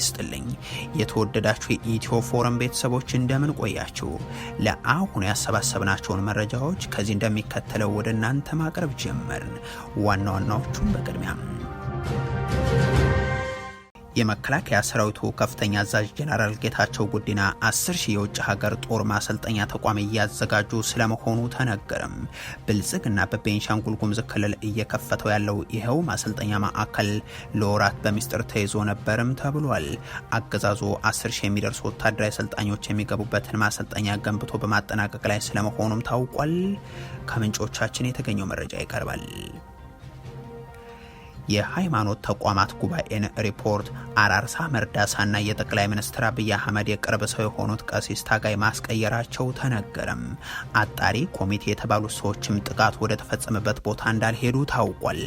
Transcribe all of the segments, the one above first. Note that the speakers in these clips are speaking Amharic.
ይስጥልኝ። የተወደዳችሁ የኢትዮ ፎረም ቤተሰቦች እንደምን ቆያችሁ? ለአሁኑ ያሰባሰብናቸውን መረጃዎች ከዚህ እንደሚከተለው ወደ እናንተ ማቅረብ ጀመርን። ዋና ዋናዎቹን በቅድሚያ የመከላከያ ሰራዊቱ ከፍተኛ አዛዥ ጀነራል ጌታቸው ጉዲና 10 ሺህ የውጭ ሀገር ጦር ማሰልጠኛ ተቋም እያዘጋጁ ስለመሆኑ ተነገረም። ብልጽግና በቤንሻንጉል ጉሙዝ ክልል እየከፈተው ያለው ይኸው ማሰልጠኛ ማዕከል ለወራት በሚስጥር ተይዞ ነበርም ተብሏል። አገዛዙ 10 ሺህ የሚደርሱ ወታደራዊ ሰልጣኞች የሚገቡበትን ማሰልጠኛ ገንብቶ በማጠናቀቅ ላይ ስለመሆኑም ታውቋል። ከምንጮቻችን የተገኘው መረጃ ይቀርባል። የሃይማኖት ተቋማት ጉባኤን ሪፖርት አራርሳ መርዳሳና የጠቅላይ ሚኒስትር አብይ አህመድ የቅርብ ሰው የሆኑት ቀሲስ ታጋይ ማስቀየራቸው ተነገረም። አጣሪ ኮሚቴ የተባሉት ሰዎችም ጥቃት ወደ ተፈጸመበት ቦታ እንዳልሄዱ ታውቋል።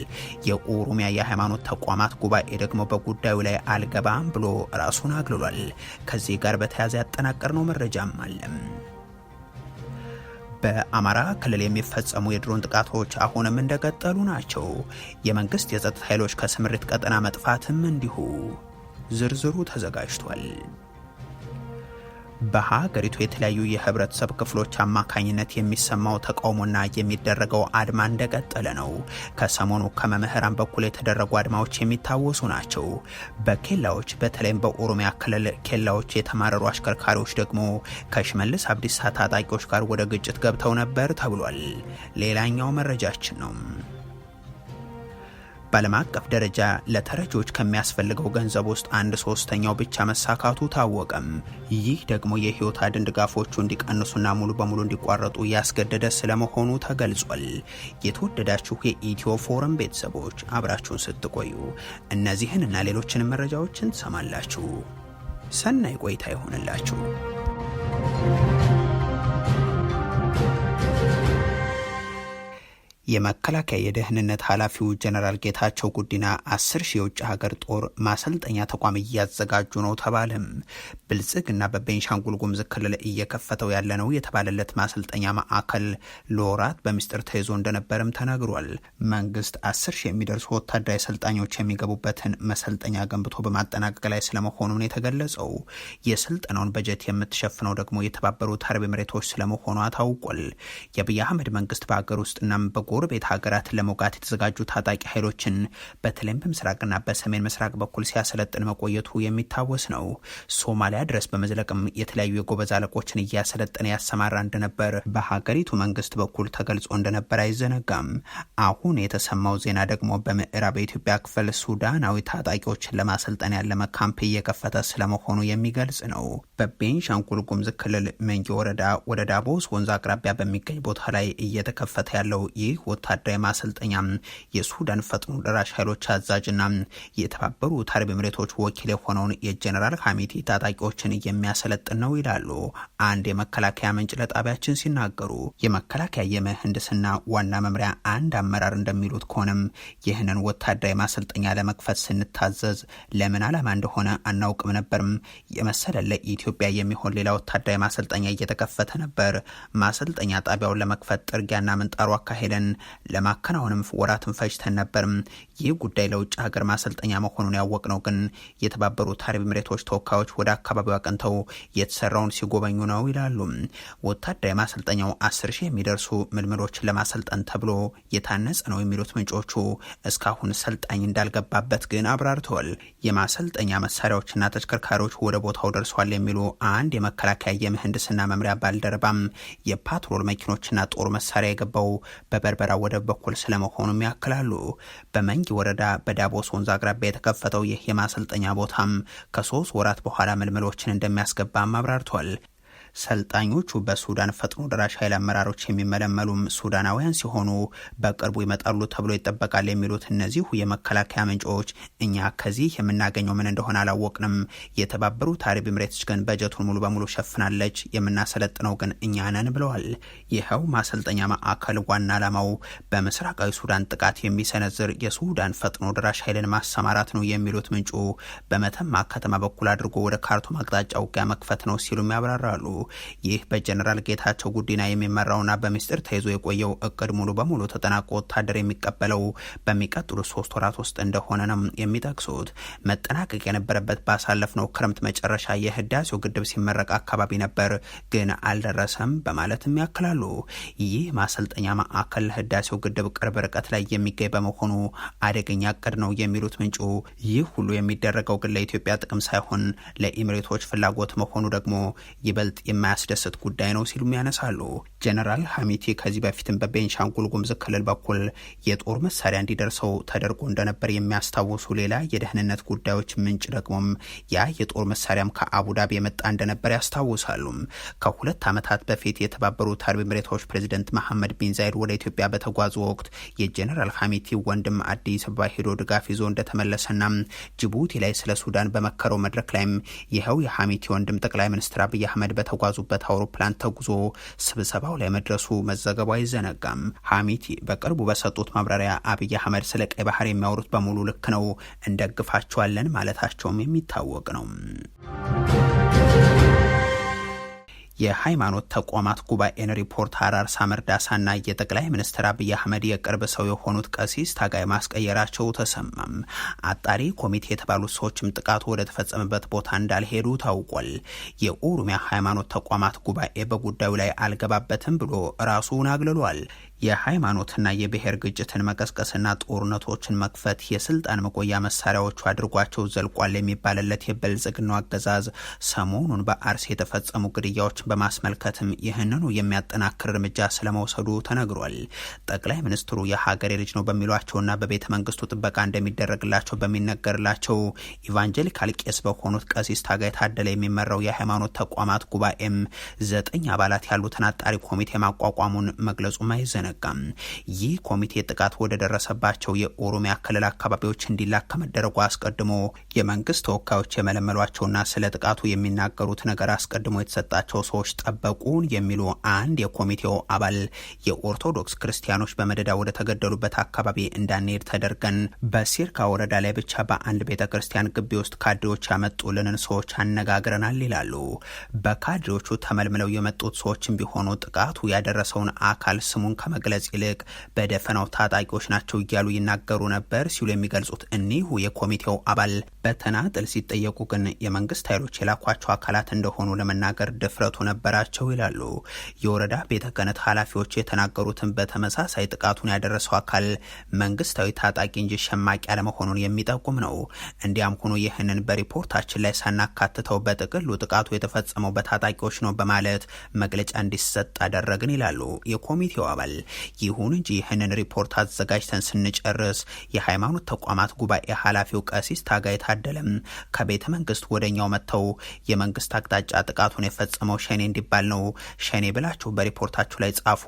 የኦሮሚያ የሃይማኖት ተቋማት ጉባኤ ደግሞ በጉዳዩ ላይ አልገባም ብሎ ራሱን አግልሏል። ከዚህ ጋር በተያያዘ ያጠናቀርነው መረጃም አለም። በአማራ ክልል የሚፈጸሙ የድሮን ጥቃቶች አሁንም እንደቀጠሉ ናቸው። የመንግስት የጸጥታ ኃይሎች ከስምሪት ቀጠና መጥፋትም እንዲሁ። ዝርዝሩ ተዘጋጅቷል። በሀገሪቱ የተለያዩ የህብረተሰብ ክፍሎች አማካኝነት የሚሰማው ተቃውሞና የሚደረገው አድማ እንደቀጠለ ነው። ከሰሞኑ ከመምህራን በኩል የተደረጉ አድማዎች የሚታወሱ ናቸው። በኬላዎች በተለይም በኦሮሚያ ክልል ኬላዎች የተማረሩ አሽከርካሪዎች ደግሞ ከሽመልስ አብዲሳ ታጣቂዎች ጋር ወደ ግጭት ገብተው ነበር ተብሏል። ሌላኛው መረጃችን ነው። በዓለም አቀፍ ደረጃ ለተረጂዎች ከሚያስፈልገው ገንዘብ ውስጥ አንድ ሶስተኛው ብቻ መሳካቱ ታወቀም። ይህ ደግሞ የህይወት አድን ድጋፎቹ እንዲቀንሱና ሙሉ በሙሉ እንዲቋረጡ ያስገደደ ስለመሆኑ ተገልጿል። የተወደዳችሁ የኢትዮ ፎረም ቤተሰቦች አብራችሁን ስትቆዩ እነዚህን እና ሌሎችንም መረጃዎችን ትሰማላችሁ። ሰናይ ቆይታ ይሆንላችሁ። የመከላከያ የደህንነት ኃላፊው ጀነራል ጌታቸው ጉዲና አስር ሺህ የውጭ ሀገር ጦር ማሰልጠኛ ተቋም እያዘጋጁ ነው ተባለም። ብልጽግና በቤንሻንጉል ጉምዝ ክልል እየከፈተው ያለ ነው የተባለለት ማሰልጠኛ ማዕከል ለወራት በሚስጥር ተይዞ እንደነበርም ተናግሯል። መንግስት አስር ሺህ የሚደርሱ ወታደራዊ ሰልጣኞች የሚገቡበትን መሰልጠኛ ገንብቶ በማጠናቀቅ ላይ ስለመሆኑን የተገለጸው የስልጠናውን በጀት የምትሸፍነው ደግሞ የተባበሩት አረብ ኤምሬቶች ስለመሆኗ ታውቋል። የአብይ አህመድ መንግስት በሀገር ውስጥና በጎ ከጎረቤት ሀገራት ለመውጋት የተዘጋጁ ታጣቂ ኃይሎችን በተለይም በምስራቅና በሰሜን ምስራቅ በኩል ሲያሰለጥን መቆየቱ የሚታወስ ነው። ሶማሊያ ድረስ በመዝለቅም የተለያዩ የጎበዝ አለቆችን እያሰለጠነ ያሰማራ እንደነበር በሀገሪቱ መንግስት በኩል ተገልጾ እንደነበር አይዘነጋም። አሁን የተሰማው ዜና ደግሞ በምዕራብ የኢትዮጵያ ክፍል ሱዳናዊ ታጣቂዎችን ለማሰልጠን ያለመ ካምፕ እየከፈተ ስለመሆኑ የሚገልጽ ነው። በቤንሻንጉል ጉሙዝ ክልል መንጌ ወረዳ ወደ ዳቦስ ወንዝ አቅራቢያ በሚገኝ ቦታ ላይ እየተከፈተ ያለው ይህ ወታደራዊ ማሰልጠኛ የሱዳን ፈጥኖ ደራሽ ኃይሎች አዛዥና የተባበሩት አረብ ኤምሬቶች ወኪል የሆነውን የጀኔራል ሀሚቲ ታጣቂዎችን የሚያሰለጥን ነው ይላሉ አንድ የመከላከያ ምንጭ ለጣቢያችን ሲናገሩ። የመከላከያ የምህንድስና ዋና መምሪያ አንድ አመራር እንደሚሉት ከሆነም ይህንን ወታደራዊ ማሰልጠኛ ለመክፈት ስንታዘዝ ለምን ዓላማ እንደሆነ አናውቅም ነበርም። የመሰለ ለኢትዮጵያ የሚሆን ሌላ ወታደራዊ ማሰልጠኛ እየተከፈተ ነበር። ማሰልጠኛ ጣቢያውን ለመክፈት ጥርጊያና ምንጣሩ አካሄደን ለማከናወንም ወራትን ፈጅተን ነበር። ይህ ጉዳይ ለውጭ ሀገር ማሰልጠኛ መሆኑን ያወቅ ነው ግን የተባበሩት አረብ ኤሚሬቶች ተወካዮች ወደ አካባቢው አቅንተው የተሰራውን ሲጎበኙ ነው ይላሉ። ወታደራዊ ማሰልጠኛው አስር ሺህ የሚደርሱ ምልምሎችን ለማሰልጠን ተብሎ የታነጸ ነው የሚሉት ምንጮቹ እስካሁን ሰልጣኝ እንዳልገባበት ግን አብራርተዋል። የማሰልጠኛ መሳሪያዎችና ተሽከርካሪዎች ወደ ቦታው ደርሷል የሚሉ አንድ የመከላከያ የምህንድስና መምሪያ ባልደረባም የፓትሮል መኪኖችና ጦር መሳሪያ የገባው በበርበ በርበራ ወደብ በኩል ስለመሆኑም ያክላሉ። በመንጊ ወረዳ በዳቦስ ወንዝ አቅራቢያ የተከፈተው ይህ የማሰልጠኛ ቦታም ከሶስት ወራት በኋላ ምልምሎችን እንደሚያስገባም አብራርቷል። ሰልጣኞቹ በሱዳን ፈጥኖ ደራሽ ኃይል አመራሮች የሚመለመሉም ሱዳናውያን ሲሆኑ በቅርቡ ይመጣሉ ተብሎ ይጠበቃል የሚሉት እነዚሁ የመከላከያ ምንጮች እኛ ከዚህ የምናገኘው ምን እንደሆነ አላወቅንም። የተባበሩት አረብ ኤምሬቶች ግን በጀቱን ሙሉ በሙሉ ሸፍናለች፣ የምናሰለጥነው ግን እኛ ነን ብለዋል። ይኸው ማሰልጠኛ ማዕከል ዋና ዓላማው በምስራቃዊ ሱዳን ጥቃት የሚሰነዝር የሱዳን ፈጥኖ ደራሽ ኃይልን ማሰማራት ነው የሚሉት ምንጩ በመተማ ከተማ በኩል አድርጎ ወደ ካርቱም አቅጣጫ ውጊያ መክፈት ነው ሲሉም ያብራራሉ። ይህ በጀነራል ጌታቸው ጉዲና የሚመራውና በሚስጥር ተይዞ የቆየው እቅድ ሙሉ በሙሉ ተጠናቆ ወታደር የሚቀበለው በሚቀጥሉ ሶስት ወራት ውስጥ እንደሆነ ነው የሚጠቅሱት። መጠናቀቅ የነበረበት ባሳለፍነው ክረምት መጨረሻ የህዳሴው ግድብ ሲመረቅ አካባቢ ነበር፣ ግን አልደረሰም በማለትም ያክላሉ። ይህ ማሰልጠኛ ማዕከል ለህዳሴው ግድብ ቅርብ ርቀት ላይ የሚገኝ በመሆኑ አደገኛ እቅድ ነው የሚሉት ምንጩ፣ ይህ ሁሉ የሚደረገው ግን ለኢትዮጵያ ጥቅም ሳይሆን ለኢምሬቶች ፍላጎት መሆኑ ደግሞ ይበልጥ የማያስደስት ጉዳይ ነው ሲሉም ያነሳሉ። ጀነራል ሀሚቲ ከዚህ በፊትም በቤንሻንጉል ጉምዝ ክልል በኩል የጦር መሳሪያ እንዲደርሰው ተደርጎ እንደነበር የሚያስታውሱ ሌላ የደህንነት ጉዳዮች ምንጭ ደግሞም ያ የጦር መሳሪያም ከአቡዳቢ የመጣ እንደነበር ያስታውሳሉ። ከሁለት ዓመታት በፊት የተባበሩት አረብ ኤሚሬቶች ፕሬዚደንት መሐመድ ቢን ዛይድ ወደ ኢትዮጵያ በተጓዙ ወቅት የጀነራል ሀሚቲ ወንድም አዲስ አበባ ሄዶ ድጋፍ ይዞ እንደተመለሰና ጅቡቲ ላይ ስለ ሱዳን በመከረው መድረክ ላይም ይኸው የሀሚቲ ወንድም ጠቅላይ ሚኒስትር አብይ አህመድ በተጓ በተጓዙበት አውሮፕላን ተጉዞ ስብሰባው ላይ መድረሱ መዘገቡ አይዘነጋም። ሀሚቲ በቅርቡ በሰጡት ማብራሪያ አብይ አህመድ ስለ ቀይ ባህር የሚያወሩት በሙሉ ልክ ነው፣ እንደግፋቸዋለን ማለታቸውም የሚታወቅ ነው። የሃይማኖት ተቋማት ጉባኤን ሪፖርት አራርሳ መርዳሳና የጠቅላይ ሚኒስትር አብይ አህመድ የቅርብ ሰው የሆኑት ቀሲስ ታጋይ ማስቀየራቸው ተሰማም። አጣሪ ኮሚቴ የተባሉት ሰዎችም ጥቃቱ ወደ ተፈጸመበት ቦታ እንዳልሄዱ ታውቋል። የኦሮሚያ ሃይማኖት ተቋማት ጉባኤ በጉዳዩ ላይ አልገባበትም ብሎ ራሱን አግልሏል። የሃይማኖትና የብሔር ግጭትን መቀስቀስና ጦርነቶችን መክፈት የስልጣን መቆያ መሳሪያዎቹ አድርጓቸው ዘልቋል የሚባልለት የብልጽግናው አገዛዝ ሰሞኑን በአርሲ የተፈጸሙ ግድያዎችን በማስመልከትም ይህንኑ የሚያጠናክር እርምጃ ስለመውሰዱ ተነግሯል። ጠቅላይ ሚኒስትሩ የሀገሬ ልጅ ነው በሚሏቸውና በቤተ መንግስቱ ጥበቃ እንደሚደረግላቸው በሚነገርላቸው ኢቫንጀሊካል ቄስ በሆኑት ቀሲስ ታጋይ ታደለ የሚመራው የሃይማኖት ተቋማት ጉባኤም ዘጠኝ አባላት ያሉትን አጣሪ ኮሚቴ ማቋቋሙን መግለጹም አይዘነጋም። አይዘነጋም። ይህ ኮሚቴ ጥቃት ወደ ደረሰባቸው የኦሮሚያ ክልል አካባቢዎች እንዲላክ ከመደረጉ አስቀድሞ የመንግስት ተወካዮች የመለመሏቸውና ስለ ጥቃቱ የሚናገሩት ነገር አስቀድሞ የተሰጣቸው ሰዎች ጠበቁን የሚሉ አንድ የኮሚቴው አባል የኦርቶዶክስ ክርስቲያኖች በመደዳ ወደ ተገደሉበት አካባቢ እንዳንሄድ ተደርገን በሲርካ ወረዳ ላይ ብቻ በአንድ ቤተ ክርስቲያን ግቢ ውስጥ ካድሬዎች ያመጡልንን ሰዎች አነጋግረናል ይላሉ። በካድሬዎቹ ተመልምለው የመጡት ሰዎችም ቢሆኑ ጥቃቱ ያደረሰውን አካል ስሙን ከመ ከመግለጽ ይልቅ በደፈናው ታጣቂዎች ናቸው እያሉ ይናገሩ ነበር ሲሉ የሚገልጹት እኒሁ የኮሚቴው አባል በተናጥል ሲጠየቁ ግን የመንግስት ኃይሎች የላኳቸው አካላት እንደሆኑ ለመናገር ድፍረቱ ነበራቸው ይላሉ። የወረዳ ቤተ ክህነት ኃላፊዎች የተናገሩትን በተመሳሳይ ጥቃቱን ያደረሰው አካል መንግስታዊ ታጣቂ እንጂ ሸማቂ አለመሆኑን የሚጠቁም ነው። እንዲያም ሆኖ ይህንን በሪፖርታችን ላይ ሳናካትተው በጥቅሉ ጥቃቱ የተፈጸመው በታጣቂዎች ነው በማለት መግለጫ እንዲሰጥ አደረግን ይላሉ የኮሚቴው አባል። ይሁን እንጂ ይህንን ሪፖርት አዘጋጅተን ስንጨርስ የሃይማኖት ተቋማት ጉባኤ ኃላፊው ቀሲስ ታጋይ ታደለም ከቤተ መንግስት ወደኛው መጥተው የመንግስት አቅጣጫ ጥቃቱን የፈጸመው ሸኔ እንዲባል ነው፣ ሸኔ ብላችሁ በሪፖርታችሁ ላይ ጻፉ፣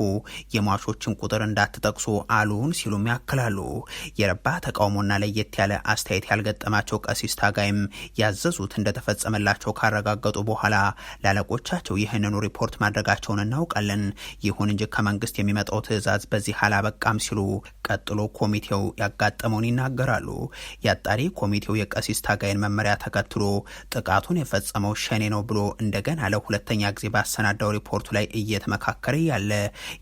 የሟቾችን ቁጥር እንዳትጠቅሱ አሉን ሲሉም ያክላሉ። የረባ ተቃውሞና ለየት ያለ አስተያየት ያልገጠማቸው ቀሲስ ታጋይም ያዘዙት እንደተፈጸመላቸው ካረጋገጡ በኋላ ላለቆቻቸው ይህንኑ ሪፖርት ማድረጋቸውን እናውቃለን። ይሁን እንጂ ከመንግስት የሚመጣው ትዕዛዝ በዚህ አላበቃም ሲሉ ቀጥሎ ኮሚቴው ያጋጠመውን ይናገራሉ። የአጣሪ ኮሚቴው የቀሲስ ታጋይን መመሪያ ተከትሎ ጥቃቱን የፈጸመው ሸኔ ነው ብሎ እንደገና ለሁለተኛ ጊዜ ባሰናዳው ሪፖርቱ ላይ እየተመካከረ ያለ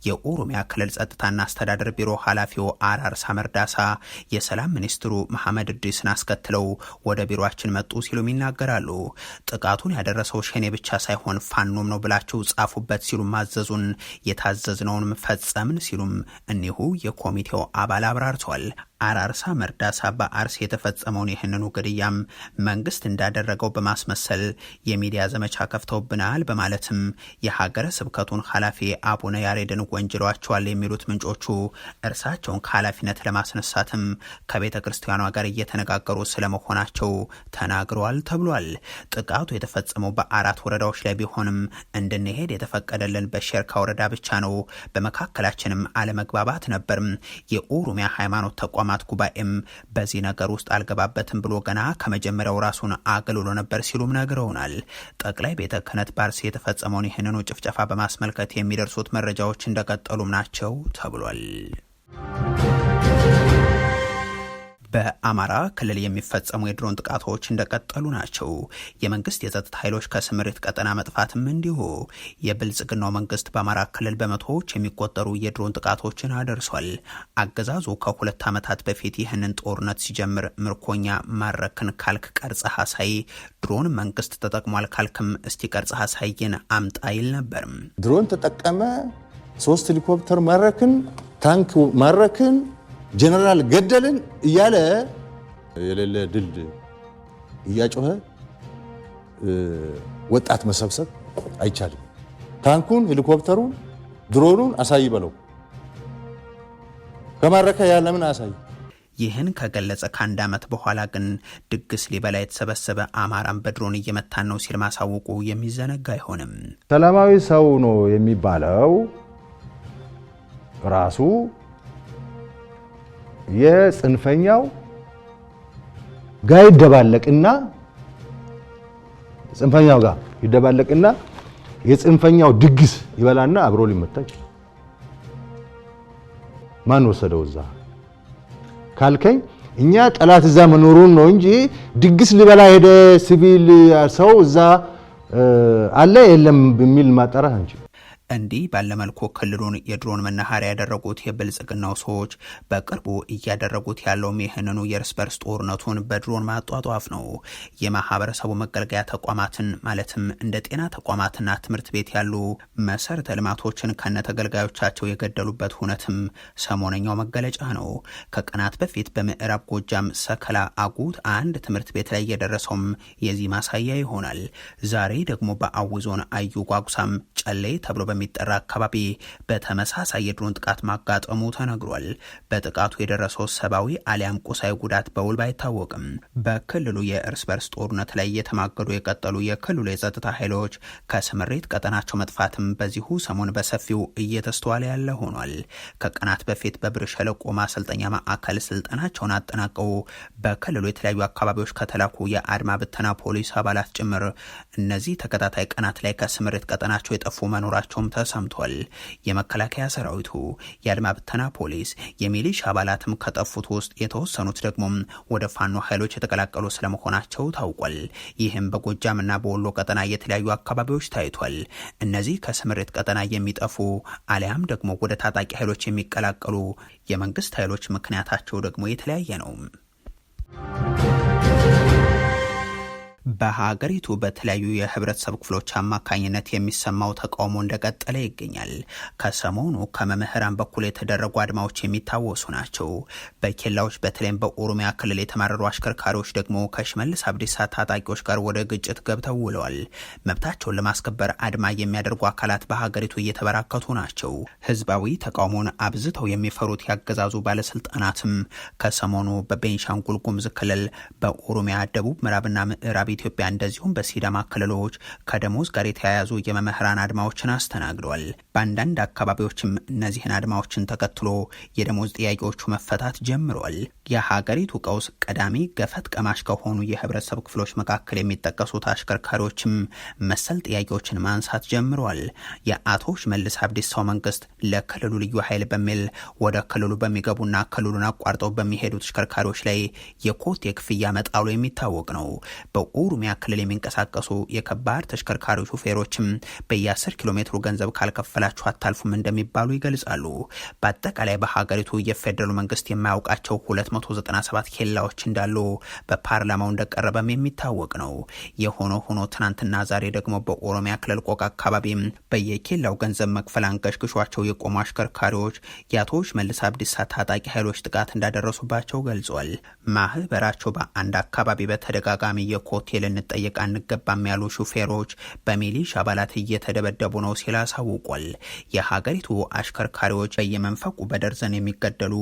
የኦሮሚያ ክልል ጸጥታና አስተዳደር ቢሮ ኃላፊው አራርሳ መርዳሳ የሰላም ሚኒስትሩ መሐመድ እድሪስን አስከትለው ወደ ቢሮችን መጡ ሲሉም ይናገራሉ። ጥቃቱን ያደረሰው ሸኔ ብቻ ሳይሆን ፋኖም ነው ብላችሁ ጻፉበት ሲሉ ማዘዙን የታዘዝነውንም ፈጸም ሲሉም እኒሁ የኮሚቴው አባል አብራርተዋል። አራርሳ መርዳሳ በአርሲ የተፈጸመውን ይህንኑ ግድያም መንግስት እንዳደረገው በማስመሰል የሚዲያ ዘመቻ ከፍተውብናል በማለትም የሀገረ ስብከቱን ኃላፊ አቡነ ያሬድን ወንጅሏቸዋል የሚሉት ምንጮቹ እርሳቸውን ከኃላፊነት ለማስነሳትም ከቤተ ክርስቲያኗ ጋር እየተነጋገሩ ስለመሆናቸው ተናግረዋል ተብሏል። ጥቃቱ የተፈጸመው በአራት ወረዳዎች ላይ ቢሆንም እንድንሄድ የተፈቀደልን በሼርካ ወረዳ ብቻ ነው። በመካከላችንም አለመግባባት ነበርም። የኦሮሚያ ሃይማኖት ተቋማ ልማት ጉባኤም በዚህ ነገር ውስጥ አልገባበትም ብሎ ገና ከመጀመሪያው ራሱን አገልሎ ነበር ሲሉም ነግረውናል። ጠቅላይ ቤተ ክህነት ባርሲ የተፈጸመውን ይህንኑ ጭፍጨፋ በማስመልከት የሚደርሱት መረጃዎች እንደቀጠሉም ናቸው ተብሏል። በአማራ ክልል የሚፈጸሙ የድሮን ጥቃቶች እንደቀጠሉ ናቸው። የመንግስት የጸጥታ ኃይሎች ከስምሪት ቀጠና መጥፋትም እንዲሁ። የብልጽግናው መንግስት በአማራ ክልል በመቶዎች የሚቆጠሩ የድሮን ጥቃቶችን አደርሷል። አገዛዙ ከሁለት ዓመታት በፊት ይህንን ጦርነት ሲጀምር ምርኮኛ ማረክን ካልክ ቀርጽ ሀሳይ ድሮን መንግስት ተጠቅሟል ካልክም እስቲ ቀርጽ ሀሳይን አምጣ ይል ነበርም። ድሮን ተጠቀመ፣ ሶስት ሄሊኮፕተር ማረክን፣ ታንክ ማረክን ጀነራል ገደልን እያለ የሌለ ድል እያጮኸ ወጣት መሰብሰብ አይቻልም። ታንኩን፣ ሄሊኮፕተሩን፣ ድሮኑን አሳይ በለው ከማረከ ያለምን አሳይ። ይህን ከገለጸ ከአንድ ዓመት በኋላ ግን ድግስ ሊበላ የተሰበሰበ አማራን በድሮን እየመታን ነው ሲል ማሳወቁ የሚዘነጋ አይሆንም። ሰላማዊ ሰው ነው የሚባለው ራሱ የጽንፈኛው ጋር ይደባለቅና ጽንፈኛው ጋር ይደባለቅና የጽንፈኛው ድግስ ይበላና አብሮ ሊመታ ይችላል። ማን ወሰደው እዛ ካልከኝ እኛ ጠላት እዛ መኖሩን ነው እንጂ ድግስ ሊበላ ሄደ ሲቪል ሰው እዛ አለ የለም የሚል ማጣራት አንችልም። እንዲህ ባለመልኩ ክልሉን የድሮን መናኸሪያ ያደረጉት የብልጽግናው ሰዎች በቅርቡ እያደረጉት ያለውም ይህንኑ የእርስ በርስ ጦርነቱን በድሮን ማጧጧፍ ነው። የማህበረሰቡ መገልገያ ተቋማትን ማለትም እንደ ጤና ተቋማትና ትምህርት ቤት ያሉ መሰረተ ልማቶችን ከነተገልጋዮቻቸው የገደሉበት ሁነትም ሰሞነኛው መገለጫ ነው። ከቀናት በፊት በምዕራብ ጎጃም ሰከላ አጉት አንድ ትምህርት ቤት ላይ የደረሰውም የዚህ ማሳያ ይሆናል። ዛሬ ደግሞ በአዊ ዞን አዩ ጓጉሳም ጨሌ ተብሎ በሚ በሚጠራ አካባቢ በተመሳሳይ የድሮን ጥቃት ማጋጠሙ ተነግሯል። በጥቃቱ የደረሰው ሰብአዊ አሊያም ቁሳዊ ጉዳት በውል ባይታወቅም በክልሉ የእርስ በርስ ጦርነት ላይ እየተማገዱ የቀጠሉ የክልሉ የጸጥታ ኃይሎች ከስምሪት ቀጠናቸው መጥፋትም በዚሁ ሰሞን በሰፊው እየተስተዋለ ያለ ሆኗል። ከቀናት በፊት በብር ሸለቆ ማሰልጠኛ ማዕከል ስልጠናቸውን አጠናቀው በክልሉ የተለያዩ አካባቢዎች ከተላኩ የአድማ ብተና ፖሊስ አባላት ጭምር እነዚህ ተከታታይ ቀናት ላይ ከስምሪት ቀጠናቸው የጠፉ መኖራቸውም ተሰምቷል። የመከላከያ ሰራዊቱ፣ የአድማ ብተና ፖሊስ፣ የሚሊሽ አባላትም ከጠፉት ውስጥ የተወሰኑት ደግሞ ወደ ፋኖ ኃይሎች የተቀላቀሉ ስለመሆናቸው ታውቋል። ይህም በጎጃምና በወሎ ቀጠና የተለያዩ አካባቢዎች ታይቷል። እነዚህ ከስምሪት ቀጠና የሚጠፉ አሊያም ደግሞ ወደ ታጣቂ ኃይሎች የሚቀላቀሉ የመንግስት ኃይሎች ምክንያታቸው ደግሞ የተለያየ ነው። በሀገሪቱ በተለያዩ የህብረተሰብ ክፍሎች አማካኝነት የሚሰማው ተቃውሞ እንደቀጠለ ይገኛል። ከሰሞኑ ከመምህራን በኩል የተደረጉ አድማዎች የሚታወሱ ናቸው። በኬላዎች በተለይም በኦሮሚያ ክልል የተማረሩ አሽከርካሪዎች ደግሞ ከሽመልስ አብዲሳ ታጣቂዎች ጋር ወደ ግጭት ገብተው ውለዋል። መብታቸውን ለማስከበር አድማ የሚያደርጉ አካላት በሀገሪቱ እየተበራከቱ ናቸው። ህዝባዊ ተቃውሞን አብዝተው የሚፈሩት ያገዛዙ ባለስልጣናትም ከሰሞኑ በቤንሻንጉል ጉምዝ ክልል፣ በኦሮሚያ ደቡብ ምዕራብና ምዕራብ ኢትዮጵያ እንደዚሁም በሲዳማ ክልሎች ከደሞዝ ጋር የተያያዙ የመምህራን አድማዎችን አስተናግዷል። በአንዳንድ አካባቢዎችም እነዚህን አድማዎችን ተከትሎ የደሞዝ ጥያቄዎቹ መፈታት ጀምሯል። የሀገሪቱ ቀውስ ቀዳሚ ገፈት ቀማሽ ከሆኑ የህብረተሰብ ክፍሎች መካከል የሚጠቀሱት አሽከርካሪዎችም መሰል ጥያቄዎችን ማንሳት ጀምሯል። የአቶ ሽመልስ አብዲሳው መንግስት ለክልሉ ልዩ ኃይል በሚል ወደ ክልሉ በሚገቡና ክልሉን አቋርጠው በሚሄዱ ተሽከርካሪዎች ላይ የኮት የክፍያ መጣሉ የሚታወቅ ነው። በቁ በኦሮሚያ ክልል የሚንቀሳቀሱ የከባድ ተሽከርካሪ ሹፌሮችም በየ10 ኪሎ ሜትሩ ገንዘብ ካልከፈላችሁ አታልፉም እንደሚባሉ ይገልጻሉ። በአጠቃላይ በሀገሪቱ የፌዴራሉ መንግስት የማያውቃቸው 297 ኬላዎች እንዳሉ በፓርላማው እንደቀረበም የሚታወቅ ነው። የሆነ ሆኖ ትናንትና ዛሬ ደግሞ በኦሮሚያ ክልል ቆቅ አካባቢ በየኬላው ገንዘብ መክፈል አንቀሽቅሿቸው የቆሙ አሽከርካሪዎች የአቶ ሽመልስ አብዲሳ ታጣቂ ኃይሎች ጥቃት እንዳደረሱባቸው ገልጿል። ማህበራቸው በአንድ አካባቢ በተደጋጋሚ የኮቴ መፍትሄ ልንጠየቅ አንገባም ያሉ ሹፌሮች በሚሊሽ አባላት እየተደበደቡ ነው ሲል አሳውቋል። የሀገሪቱ አሽከርካሪዎች በየመንፈቁ በደርዘን የሚገደሉ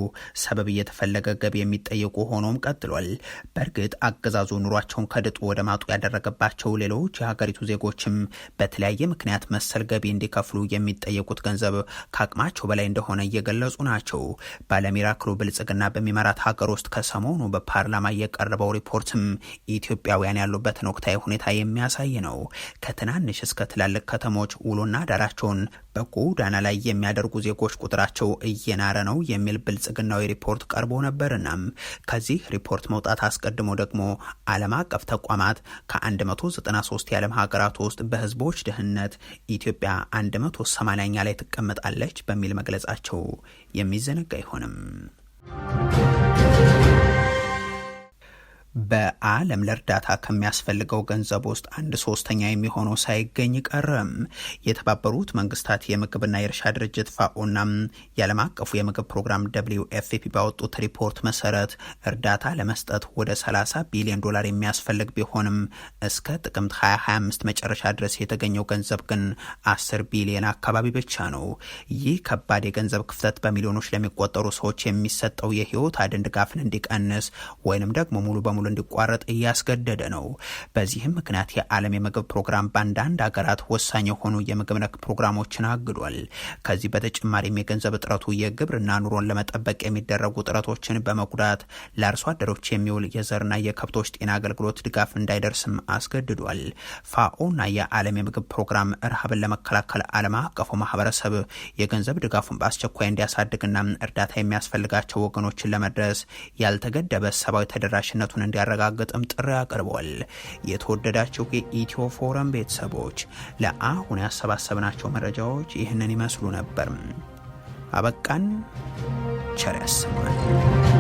ሰበብ እየተፈለገ ገቢ የሚጠየቁ ሆኖም ቀጥሏል። በእርግጥ አገዛዙ ኑሯቸውን ከድጡ ወደ ማጡ ያደረገባቸው ሌሎች የሀገሪቱ ዜጎችም በተለያየ ምክንያት መሰል ገቢ እንዲከፍሉ የሚጠየቁት ገንዘብ ከአቅማቸው በላይ እንደሆነ እየገለጹ ናቸው። ባለሚራክሉ ብልጽግና በሚመራት ሀገር ውስጥ ከሰሞኑ በፓርላማ የቀረበው ሪፖርትም ኢትዮጵያውያን ያሉ ያሉበትን ወቅታዊ ሁኔታ የሚያሳይ ነው። ከትናንሽ እስከ ትላልቅ ከተሞች ውሎና አዳራቸውን በጎዳና ላይ የሚያደርጉ ዜጎች ቁጥራቸው እየናረ ነው የሚል ብልጽግናዊ ሪፖርት ቀርቦ ነበርና። ከዚህ ሪፖርት መውጣት አስቀድሞ ደግሞ ዓለም አቀፍ ተቋማት ከ193 የዓለም ሀገራት ውስጥ በህዝቦች ድህነት ኢትዮጵያ 180ኛ ላይ ትቀመጣለች በሚል መግለጻቸው የሚዘነጋ አይሆንም። በዓለም ለእርዳታ ከሚያስፈልገው ገንዘብ ውስጥ አንድ ሶስተኛ የሚሆነው ሳይገኝ ቀረም። የተባበሩት መንግስታት የምግብና የእርሻ ድርጅት ፋኦና የዓለም አቀፉ የምግብ ፕሮግራም ደብሊው ኤፍ ባወጡት ሪፖርት መሰረት እርዳታ ለመስጠት ወደ 30 ቢሊዮን ዶላር የሚያስፈልግ ቢሆንም እስከ ጥቅምት 2025 መጨረሻ ድረስ የተገኘው ገንዘብ ግን 10 ቢሊዮን አካባቢ ብቻ ነው። ይህ ከባድ የገንዘብ ክፍተት በሚሊዮኖች ለሚቆጠሩ ሰዎች የሚሰጠው የህይወት አድን ድጋፍን እንዲቀንስ ወይንም ደግሞ ሙሉ በሙሉ በሙሉ እንዲቋረጥ እያስገደደ ነው። በዚህም ምክንያት የዓለም የምግብ ፕሮግራም በአንዳንድ ሀገራት ወሳኝ የሆኑ የምግብ ነክ ፕሮግራሞችን አግዷል። ከዚህ በተጨማሪም የገንዘብ እጥረቱ የግብርና ኑሮን ለመጠበቅ የሚደረጉ ጥረቶችን በመጉዳት ለአርሶ አደሮች የሚውል የዘርና የከብቶች ጤና አገልግሎት ድጋፍ እንዳይደርስም አስገድዷል። ፋኦና የዓለም የምግብ ፕሮግራም ረሃብን ለመከላከል ዓለም አቀፉ ማህበረሰብ የገንዘብ ድጋፉን በአስቸኳይ እንዲያሳድግና እርዳታ የሚያስፈልጋቸው ወገኖችን ለመድረስ ያልተገደበ ሰብአዊ ተደራሽነቱን እንዲያረጋግጥም ጥሪ አቅርቧል። የተወደዳቸው የኢትዮ ፎረም ቤተሰቦች ለአሁን ያሰባሰብናቸው መረጃዎች ይህንን ይመስሉ ነበር። አበቃን። ቸር ያሰማል።